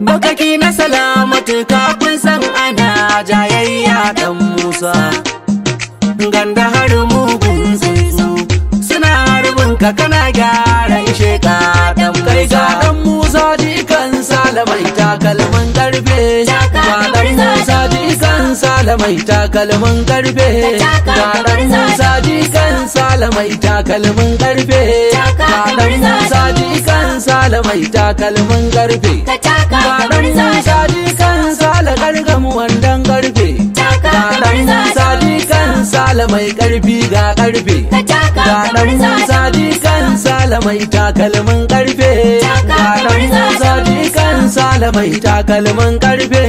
Bukaki na salamatu kafin san ana jayayya dan Musa. Ganda har mugun tsuntsu suna harbin ka kana gyara ishe ka dan Kai ga dan Musa jikan salamai takalman salamai takalmin karfe taron musa jikan salamai takalmin karfe Ka musa jikan salamai takalmin karfe musa jikan sala gargam wandan karfe taron musa jikan salamai karfi ga karfe Ka musa jikan salamai takalmin karfe musa jikan salamai takalmin karfe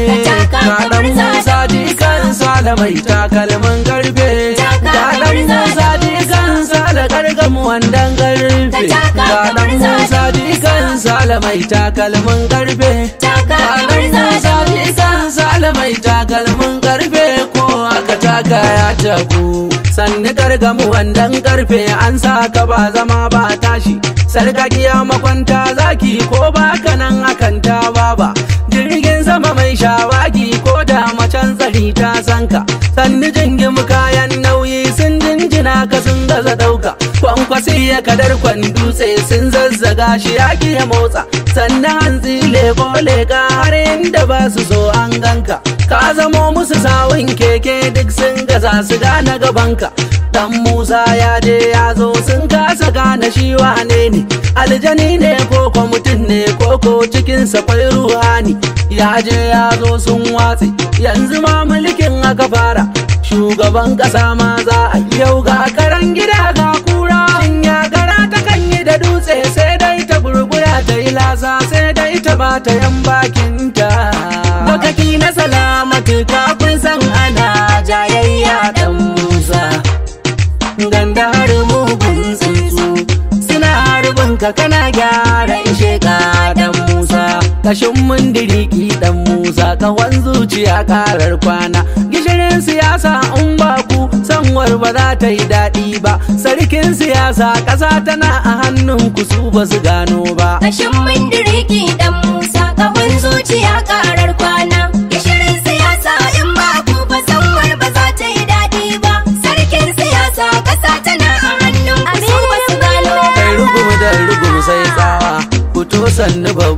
na dan musa jikan salamai takalmin karfe ga dan musa jikan sala kargam wandan karfe ga dan musa jikan salamai takalmin karfe ga dan musa jikan salamai takalmin karfe ko aka taka ya taku sannu gargamu wandan karfe an sa ka ba zama ba tashi sarkakiya makwanta zaki ko ba kanan akan ta baba jirgin sama mai shawaki ko da macen tsari ta sanka sannu jingim kayan nauyi sun jinjina ka sun gaza dauka kwankwasi ya kadar kwan dutse sun zazzaga shi yaki ya motsa sannan hanzi leko leka har inda ba su so an ganka ta zamo musu sawun keke duk sun gaza su gane gabanka dan musa ya je ya zo sun kasa gane shi wane ne aljani ne ko ko mutum ne ko ko cikin safai ruhani ya je ya zo sun watse yanzu ma mulkin aka fara shugaban kasa ma za a yau ga karan gida ga kura shin ya gara ta kan yi da dutse sai dai ta gurgura ta yi lasa sai dai ta bata yan bakinta ka kana gyara in sheka dan musa kashin mundiriki dan musa kawan zuciya karar kwana gishirin siyasa in ba ku sanwar ba za ta yi daɗi ba sarkin siyasa ƙasa tana a hannun ku su ba su gano ba kashin mundiriki dan musa kawan zuciya karar kwana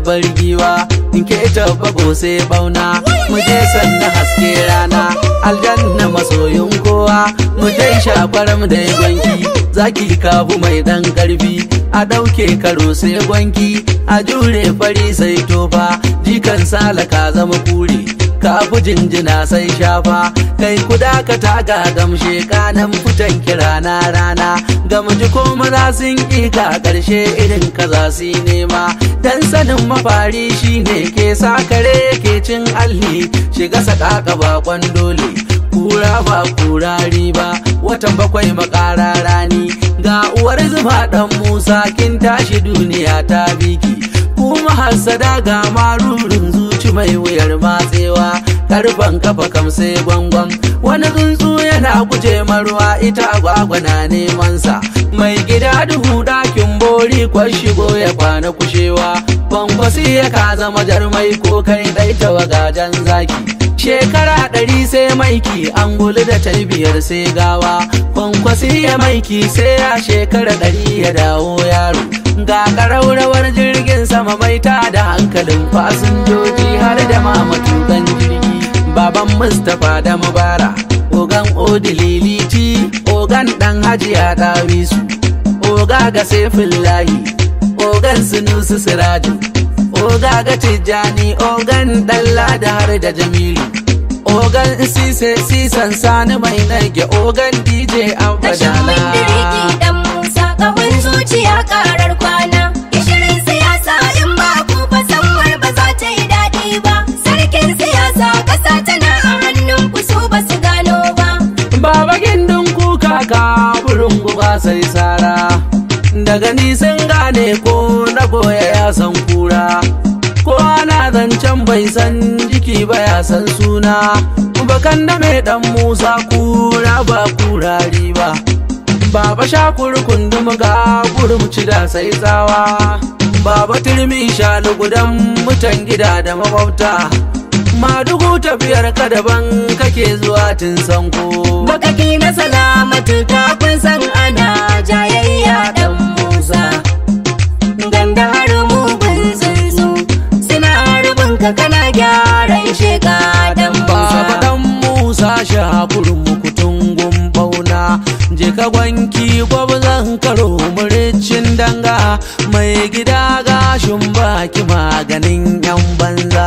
babbar giwa in ke sai bauna mu je sanna haske rana aljanna masoyin kowa mu je shafar mu dai gwanki zaki kafu mai dan karfi a dauke karo sai gwanki a jure fari sai tofa jikan salaka zama kure kafu jinjina sai shafa kai kuda ka taga gamshe kanan fitan kira na rana gamji ko za sun ƙi ka ƙarshe irin za su nema dan sanin mafari shine ke sa kare ke cin alli shiga sakaka baƙon dole kura ba kurari ba watan bakwai makara rani ga uwar zuba ɗan musa kin tashi duniya ta biki kuma hassada ga marurin zuci mai wuyar matsewa tarban kafa kam sai gwangwan wani tsuntsu yana guje maruwa ita agwagwa na neman sa mai gida duhu dakin bori kwa shigo ya kwana kushewa kwankwasi ya ka zama jarmai ko kai dai wagajen zaki shekara ɗari sai maiki an guli da tarbiyar sai gawa kwankwasi ya maiki sai a shekara ɗari ya dawo yaro ga ƙaraurawar jirgin sama mai da hankalin fasinjoji har da mamatu mamatukan baban mustapha da mubara ogan odililiti ogan dan hajiya su. oga ga saifullahi ogan sunusu siraju oga ga tijjani ogan dalla da har da jamilu ogan sise sisan sani mai nage ogan dj abadala sai sara daga nisan gane ko na goya ya san kura ko ana zancen bai san jiki ba ya san suna bakan da mai dan musa kura ba kurari ba baba sha kundum ga gurumci da sai tsawa baba turmi gudan mutan gida da makwabta dugu tafiyar ka daban kake zuwa tun sanko ki na salamatu kun san ana jayayya dan musa ganda har mugun tsuntsu suna rubun ka kana gyaran sheka dan musa baba dan musa mu kutungun bauna, je ka gwanki gwabzan karo danga mai gida gashin baki maganin yan banza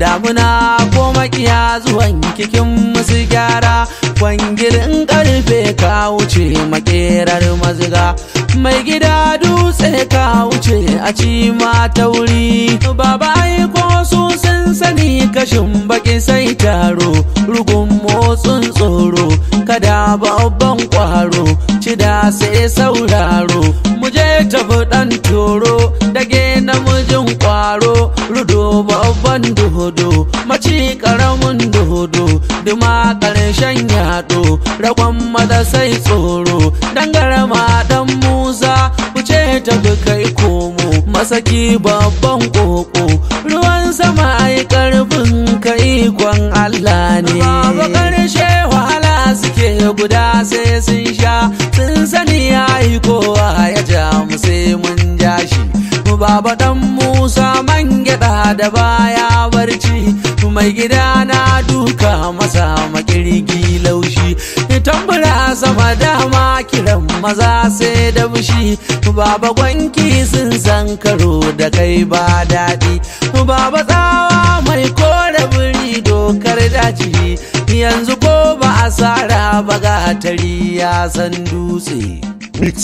damuna ko makiya zuwan kikin musu gyara kwangirin karfe ka wuce makerar maziga mai gida dutse ka wuce a ci ma tauri baba ko su sun sani kashin baki sai taro rugun motsin tsoro kada babban kwaro ci da sai sauraro je tafi ɗan toro dage namijin ƙwaro rudo babban duhudu maci ƙaramin duhudu duma ƙarshen yaɗo ragon mada sai tsoro dangarama dan musa ce tafi kai komo masaki babban koko ruwan sama ai ƙarfin kai kwan allah ne ƙarshe wahala suke guda sai sun sha sun sani ya yi kowa baba dan musa man gyada da baya barci mai gida na duka masa makirgi laushi tambura sama dama kiran maza sai da bushi baba gwanki sun san karo da kai ba daɗi baba tsawa mai kore buri dokar daji yanzu ko ba a ba gatari ya san dutse mix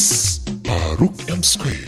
faruk m square